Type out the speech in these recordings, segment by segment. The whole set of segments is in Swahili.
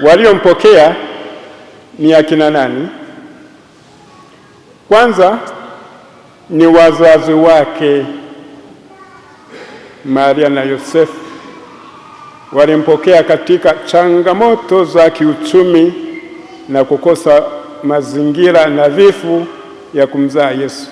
waliompokea ni akina nani? Kwanza ni wazazi wake Maria na Yosefu, walimpokea katika changamoto za kiuchumi na kukosa mazingira nadhifu ya kumzaa Yesu.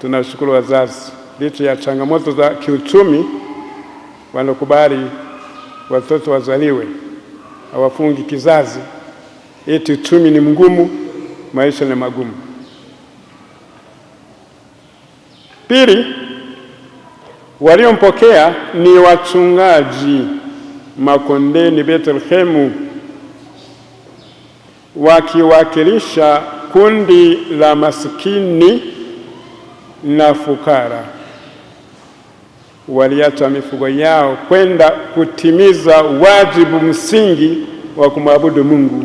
Tunashukuru wazazi, licha ya changamoto za kiuchumi wanakubali watoto wazaliwe, hawafungi kizazi, eti uchumi ni mgumu, maisha ni magumu. Pili, waliompokea ni wachungaji makondeni Bethlehemu, wakiwakilisha kundi la masikini na fukara waliacha mifugo yao kwenda kutimiza wajibu msingi wa kumwabudu Mungu.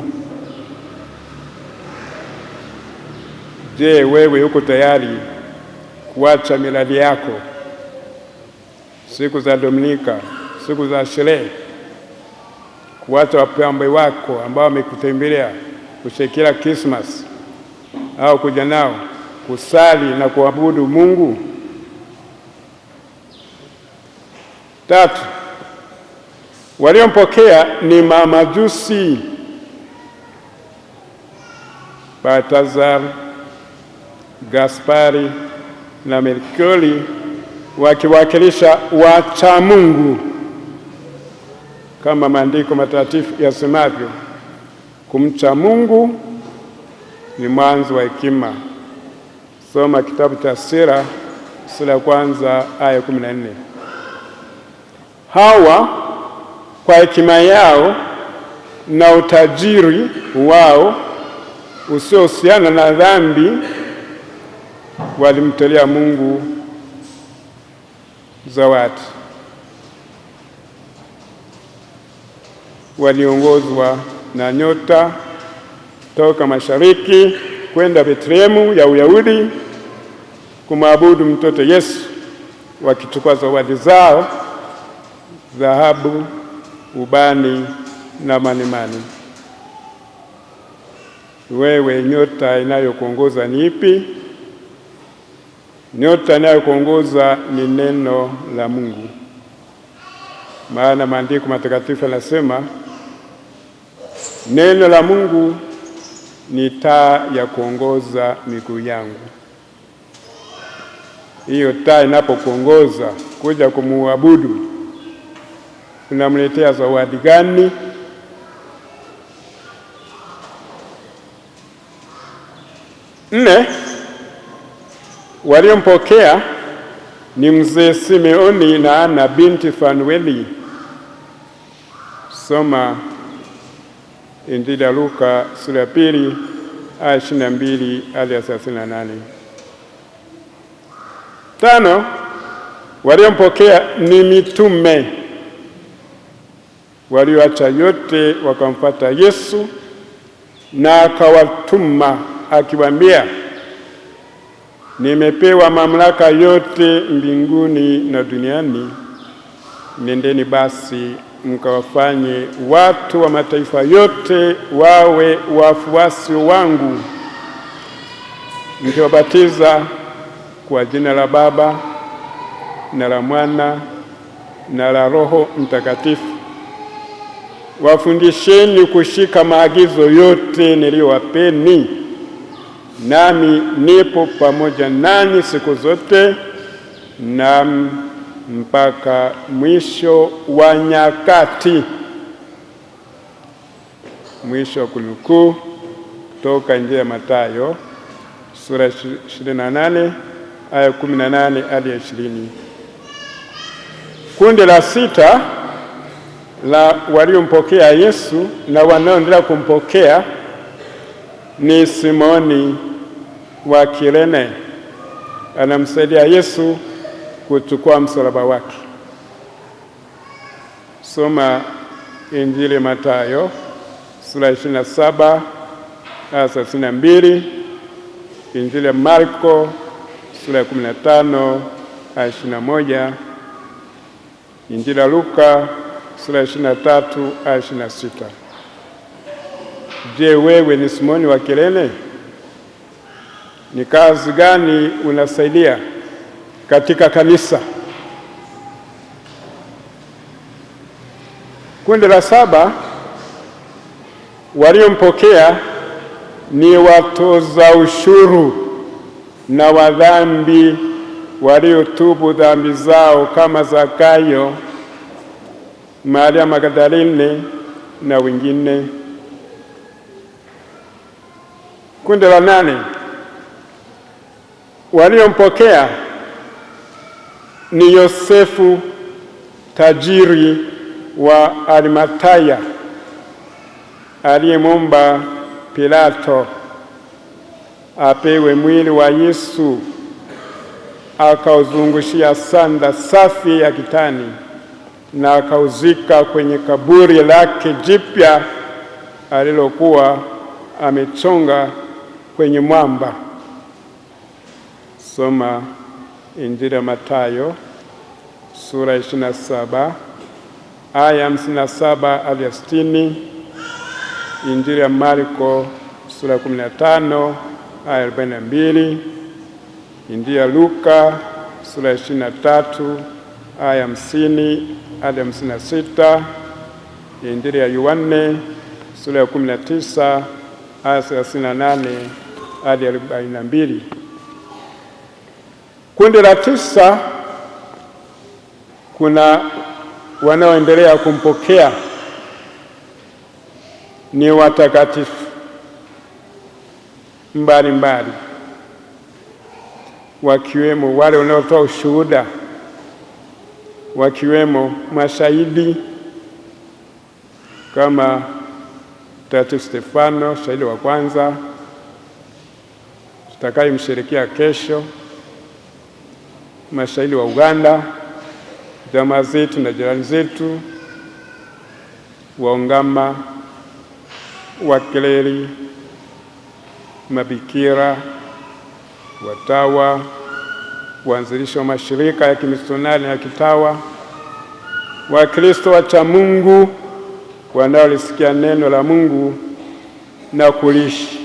Je, wewe uko tayari kuacha miradi yako, siku za Dominika, siku za sherehe, kuacha wapambwe wako ambao wamekutembelea, kushekera krismas au kuja nao kusali na kuabudu Mungu? Tatu, waliompokea ni mamajusi Baltazar, Gaspari na Merkoli wakiwakilisha wacha Mungu kama maandiko matakatifu yasemavyo, kumcha Mungu ni mwanzo wa hekima. Soma kitabu cha Sira sura ya kwanza aya kumi na nne. Hawa kwa hekima yao na utajiri wao usiohusiana na dhambi walimtolea Mungu zawadi, waliongozwa na nyota toka mashariki kwenda Betlehemu ya Uyahudi kumwabudu mtoto Yesu, wakichukua zawadi zao dhahabu, ubani na manemane. Wewe, nyota inayokuongoza ni ipi? Nyota inayokuongoza ni neno la Mungu, maana maandiko matakatifu yanasema neno la Mungu ni taa ya kuongoza miguu yangu. Hiyo taa inapokuongoza kuja kumuabudu tunamletea zawadi gani? Nne, waliompokea ni mzee Simeoni na Ana binti Fanueli. Soma Injili ya Luka sura ya pili aya ishirini na mbili hadi thelathini na nane. Tano, waliompokea ni mitume walioacha yote wakamfata Yesu, na akawatuma akiwaambia, nimepewa mamlaka yote mbinguni na duniani. Nendeni basi mkawafanye watu wa mataifa yote wawe wafuasi wangu, mkiwabatiza kwa jina la Baba na la Mwana na la Roho Mtakatifu wafundisheni kushika maagizo yote niliyowapeni, nami nipo pamoja nanyi siku zote na mpaka mwisho wa nyakati. Mwisho wa kunukuu toka Injili ya Mathayo sura 28 aya 18 hadi 20. Kundi la sita la waliompokea Yesu na wanaoendelea kumpokea ni Simoni wa Kirene, anamsaidia Yesu kuchukua msalaba wake. Soma Injili Mathayo sura ya 27 aya 32, Injili ya Marko sura ya 15 aya 21, Injili ya Luka sura ya 23 aya 26. Je, wewe ni Simoni wa Kirene? Ni kazi gani unasaidia katika kanisa? Kundi la saba waliompokea ni watoza ushuru na wadhambi waliotubu dhambi zao kama Zakayo Maria Magdalene na wengine. Kundi la nane waliompokea ni Yosefu tajiri wa Arimataya aliyemwomba Pilato apewe mwili wa Yesu, akauzungushia sanda safi ya kitani na akauzika kwenye kaburi lake jipya alilokuwa amechonga kwenye mwamba. Soma Injili ya Mathayo sura 27 aya 57 hadi 60, Injili ya Marko sura 15 aya 42, Injili ya Luka sura 23 aya 50 hadi hamsini na sita ya Injili ya Yohane sura ya kumi na tisa aya thelathini na nane hadi arobaini na mbili. Kundi la tisa kuna wanaoendelea kumpokea ni watakatifu mbalimbali, wakiwemo wale wanaotoa ushuhuda wakiwemo mashahidi kama Tatu Stefano, shahidi wa kwanza tutakayemsherekea kesho, mashahidi wa Uganda, jamaa zetu na jirani zetu, waungama, wakleri, mabikira, watawa uanzilishi mashirika ya kimisionari na kitawa, Wakristo wacha Mungu wanaolisikia neno la Mungu na kulishi.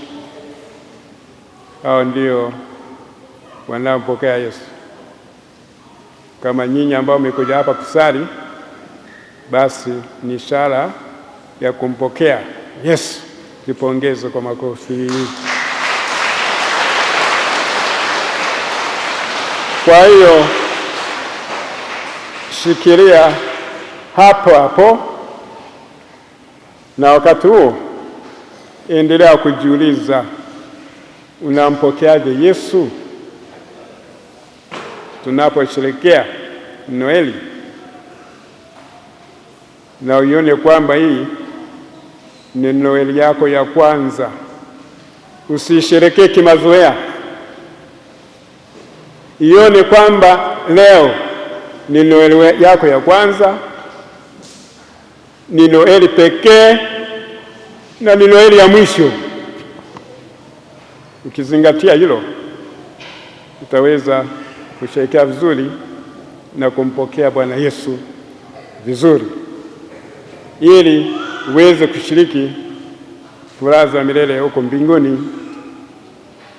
Hao ndio wanaompokea Yesu. Kama nyinyi ambao mmekuja hapa kusali, basi ni ishara ya kumpokea Yesu. Kipongeze kwa makofi. Kwa hiyo shikilia hapo hapo, na wakati huo endelea kujiuliza, unampokeaje Yesu? Tunaposherekea Noeli, na uione kwamba hii ni Noeli yako ya kwanza. Usisherekee kimazoea ione kwamba leo ni Noeli yako ya kwanza, ni Noeli pekee na ni Noeli ya mwisho. Ukizingatia hilo, utaweza kusherekea vizuri na kumpokea Bwana Yesu vizuri, ili uweze kushiriki furaha za milele huko mbinguni,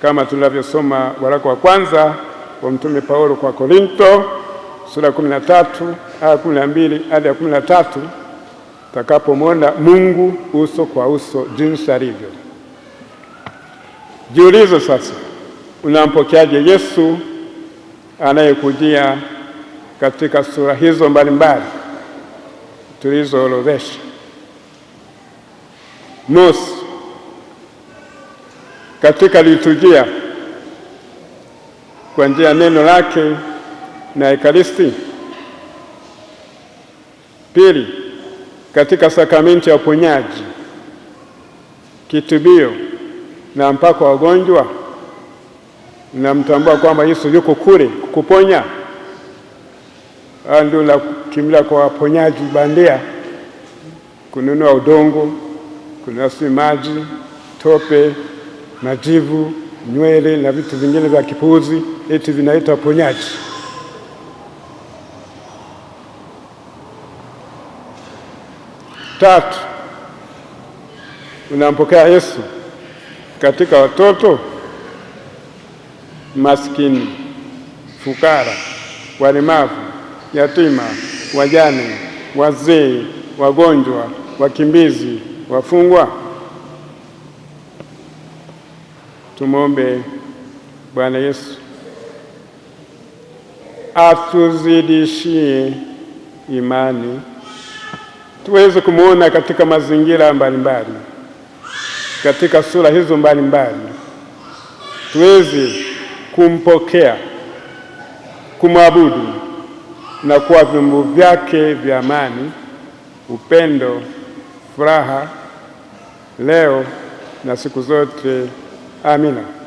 kama tunavyosoma waraka wa kwanza wa Mtume Paulo kwa Korinto sura ya kumi na tatu aya kumi na mbili hadi ya kumi na tatu takapomwona Mungu uso kwa uso jinsi alivyo. Jiulize sasa, unampokeaje Yesu anayekujia katika sura hizo mbalimbali tulizoorodhesha? Mosi, katika liturujia kwa njia ya neno lake na Ekaristi. Pili, katika sakramenti ya uponyaji, kitubio na mpako wa wagonjwa, namtambua kwamba Yesu yuko kule kukuponya. Ndio la kimla kwa waponyaji bandia, kununua udongo, kununua si maji, tope, majivu nywele na vitu vingine vya kipuzi, eti vinaitwa ponyaji. Tatu, unampokea Yesu katika watoto maskini, fukara, walemavu, yatima, wajane, wazee, wagonjwa, wakimbizi, wafungwa. Tumwombe Bwana Yesu atuzidishie imani tuweze kumwona katika mazingira mbalimbali mbali, katika sura hizo mbalimbali mbali, tuweze kumpokea kumwabudu na kuwa vyombo vyake vya amani, upendo, furaha leo na siku zote. Amém.